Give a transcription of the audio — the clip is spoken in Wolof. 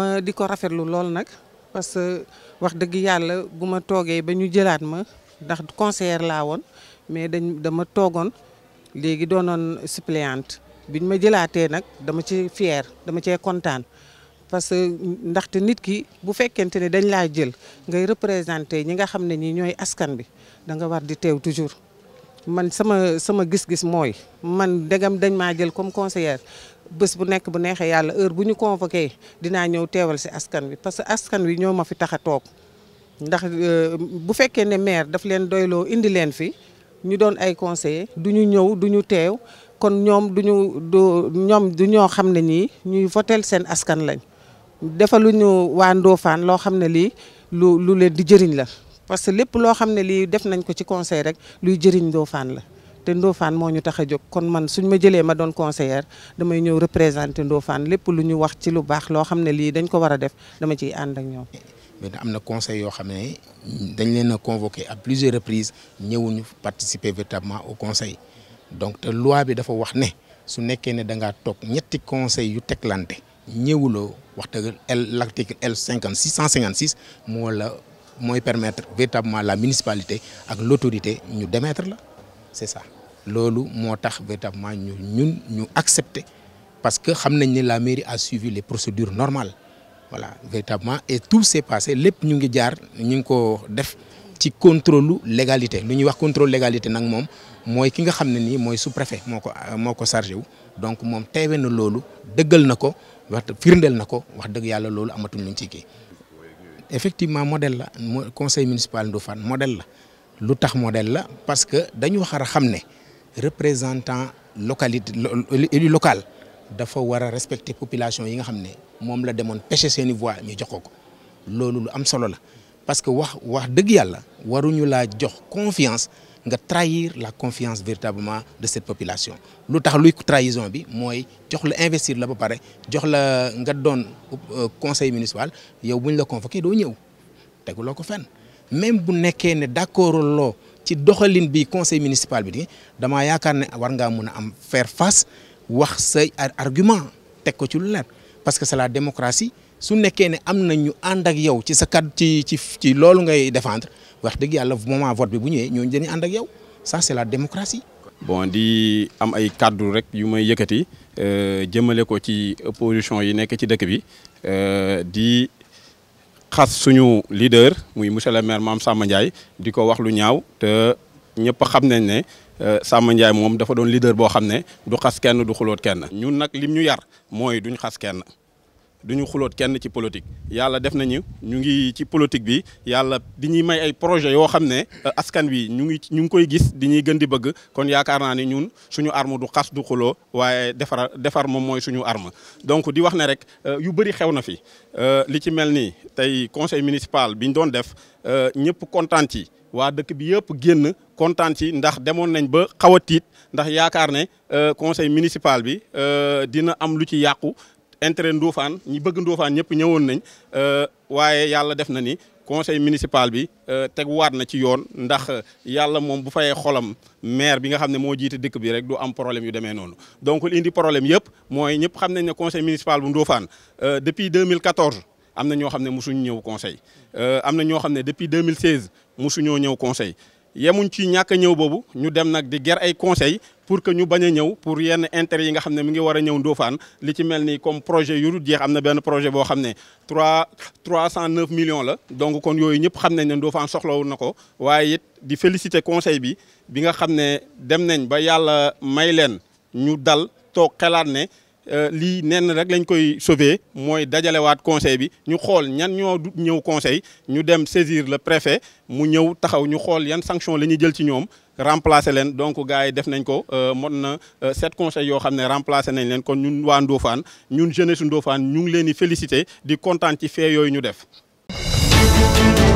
ma di ko rafetlu lool nag parce que wax dëgg yàlla bu ma toogee ba ñu jëlaat ma ndax conseillère laa woon mais dañ dama toogoon léegi doonoon bi ñu ma jëlaatee nag dama ci fier dama cee kontaan parce que ndaxte nit ki bu fekkente ne dañ laa jël ngay représenté ñi nga xam ne ñi ñooy askan bi da nga war di teew toujours man sama sama gis-gis mooy man ndegam dañ maa jël comme conseillère bés bu nekk bu neexee yàlla heure bu ñu convoqué dinaa ñëw teewal si askan wi parce que askan wi ñoo ma fi tax a toog ndax euh, bu fekkee ne maire daf leen doyloo indi leen fi ñu doon ay conseillers du ñu ñëw du ñu teew kon ñoom du du ñoom du ñoo xam ne ñii ñuy votel seen askan lañ defaluñu waa Ndofane loo xam ne lii lu lu leen di jëriñ la parce que lépp loo xam ne lii def nañ ko ci conseil rek luy jëriñ Ndofane la. te Ndofane moo ñu tax a jóg kon man suñ ma jëlee ma doon conseillère damay ñëw représenter Ndofane lépp lu ñu wax ci lu baax loo xam ne lii dañ ko war a def dama ci ànd ak ñoom. mais am na conseil yoo xam ne dañ leen a convoqué à plusieurs reprises ñëwuñu participer véritablement au conseil donc te loi bi dafa wax ne su nekkee ne da ngaa toog ñetti conseil yu teglante ñëwuloo wax dëgg L l' article L cinquante six cent cinquante six moo la mooy permettre véritablement la municipalité ak l' ñu démettre la c'est ça loolu moo tax véritablement ñu ñun ñu accepter parce que xam nañ ni la mairie a suivi les procédures normales voilà véritablement et tout s'est passé lépp ñu ngi jaar ñu ngi ko def ci contrôle légalité lu ñuy wax contrôle légalité nag moom mooy ki nga xam ne nii mooy sous-préfet moo ko moo ko chargé wu donc moom teewe na loolu dëggal na ko wax firndeel na ko wax dëgg yàlla loolu amatul ñu ci kii effectivement modèle la conseil municipal Ndofane modèle la lu tax modèle la parce que dañu wax a xam ne représentant localité élu local dafa war a respecter population yi nga xam ne moom la demoon pêcher seeni voix ñu jox ko loolu lu am solo la parce que wax wax dëgg yàlla waruñu laa jox confiance nga trahir la confiance véritablement de cette population lu tax luy ko trahison bi mooy jox la investir la ba pare jox la nga doon euh, conseil municipal yow buñ la convoqué doo ñëw teguloo ko fenn même bu nekkee ne d'accord loo ci doxalin bi conseil municipal bi di damaa yaakaar ne war ngaa mun a am fair face wax say argument teg ko ci lu leer parce que c'est la démocratie su nekkee ne am na ñu ànd ak yow ci sa kàddu ci ci ci loolu ngay défendre wax dëgg yàlla moment vote bi bu ñëwee ñoo dañuy ànd ak yow ça c'est la démocratie. bon di am ay kaddu rek yu may yëkkati euh, jëmale ko ci opposition yi nekk ci dëkk bi euh, xas suñu leader muy monsieur le maire maam Samba Ndiaye di ko wax lu ñaaw te ñëpp xam nañ ne euh, Samba Ndiaye moom dafa doon leader boo xam ne du xas kenn du xuloot kenn ñun nag lim ñu yar mooy duñ xas kenn du ñu xuloot kenn ci politique yàlla def nañu ñu ngi ci politique bi yàlla di ñuy may ay projet yoo xam ne euh, askan wi ñu ngi ñu ngi koy gis di ñuy gën di bëgg kon yaakaar naa ni ñun suñu arma du xas du xuloo waaye defar defar moom mooy suñu arme donc di wax ne rek euh, yu bëri xew na fi euh, li ci mel nii tey conseil municipal bi ñu doon def ñëpp kontaan ci waa dëkk bi yëpp génn kontaan ci ndax demoon nañ ba xaw a tiit ndax yaakaar ne conseil municipal bi dina am lu ci yàqu intérêt Ndofane ñi bëgg Ndofane ñëpp ñëwoon nañ euh, waaye yàlla def na ni conseil municipal bi euh, teg waat na ci yoon ndax euh, yàlla moom bu fayee xolam maire bi nga xam ne moo jiite dëkk bi rek du am problème yu demee noonu donc li indi problème yëpp mooy ñëpp xam nañ ne conseil municipal bu Ndofane depuis 2014 am na ñoo xam ne mosuñu ñëw conseil am na ñoo xam ne depuis 2016 mosuñoo ñëw conseil yemuñ ci ñàkk ñëw boobu ñu dem nag di ger ay conseil pour que ñu bañ a ñëw pour yenn intérêt yi nga xam ne mu ngi war a ñëw Ndofane li ci mel ni comme projet yu dul jeex am na benn projet boo xam ne trois trois cent neuf millions la donc kon yooyu ñëpp xam nañ ne Ndofane soxlawu na ko waaye it di féliciter conseil bi bi nga xam ne dem nañ ba yàlla may leen ñu dal toog xelaat ne Euh, lii nenn rek lañ koy sauver mooy dajalewaat conseil bi ñu xool ñan ñoo ñëw conseil ñu dem saisir la préfet mu ñëw taxaw ñu xool yan sanction la ñuy jël ci ñoom remplacer leen donc gars yi def nañ ko euh, mot na euh, sept conseils yoo xam ne remplacer nañ leen kon ñun waa Ndofane ñun jeunesse Ndofane ñu ngi leen di féliciter di kontaan ci fee yooyu ñu def.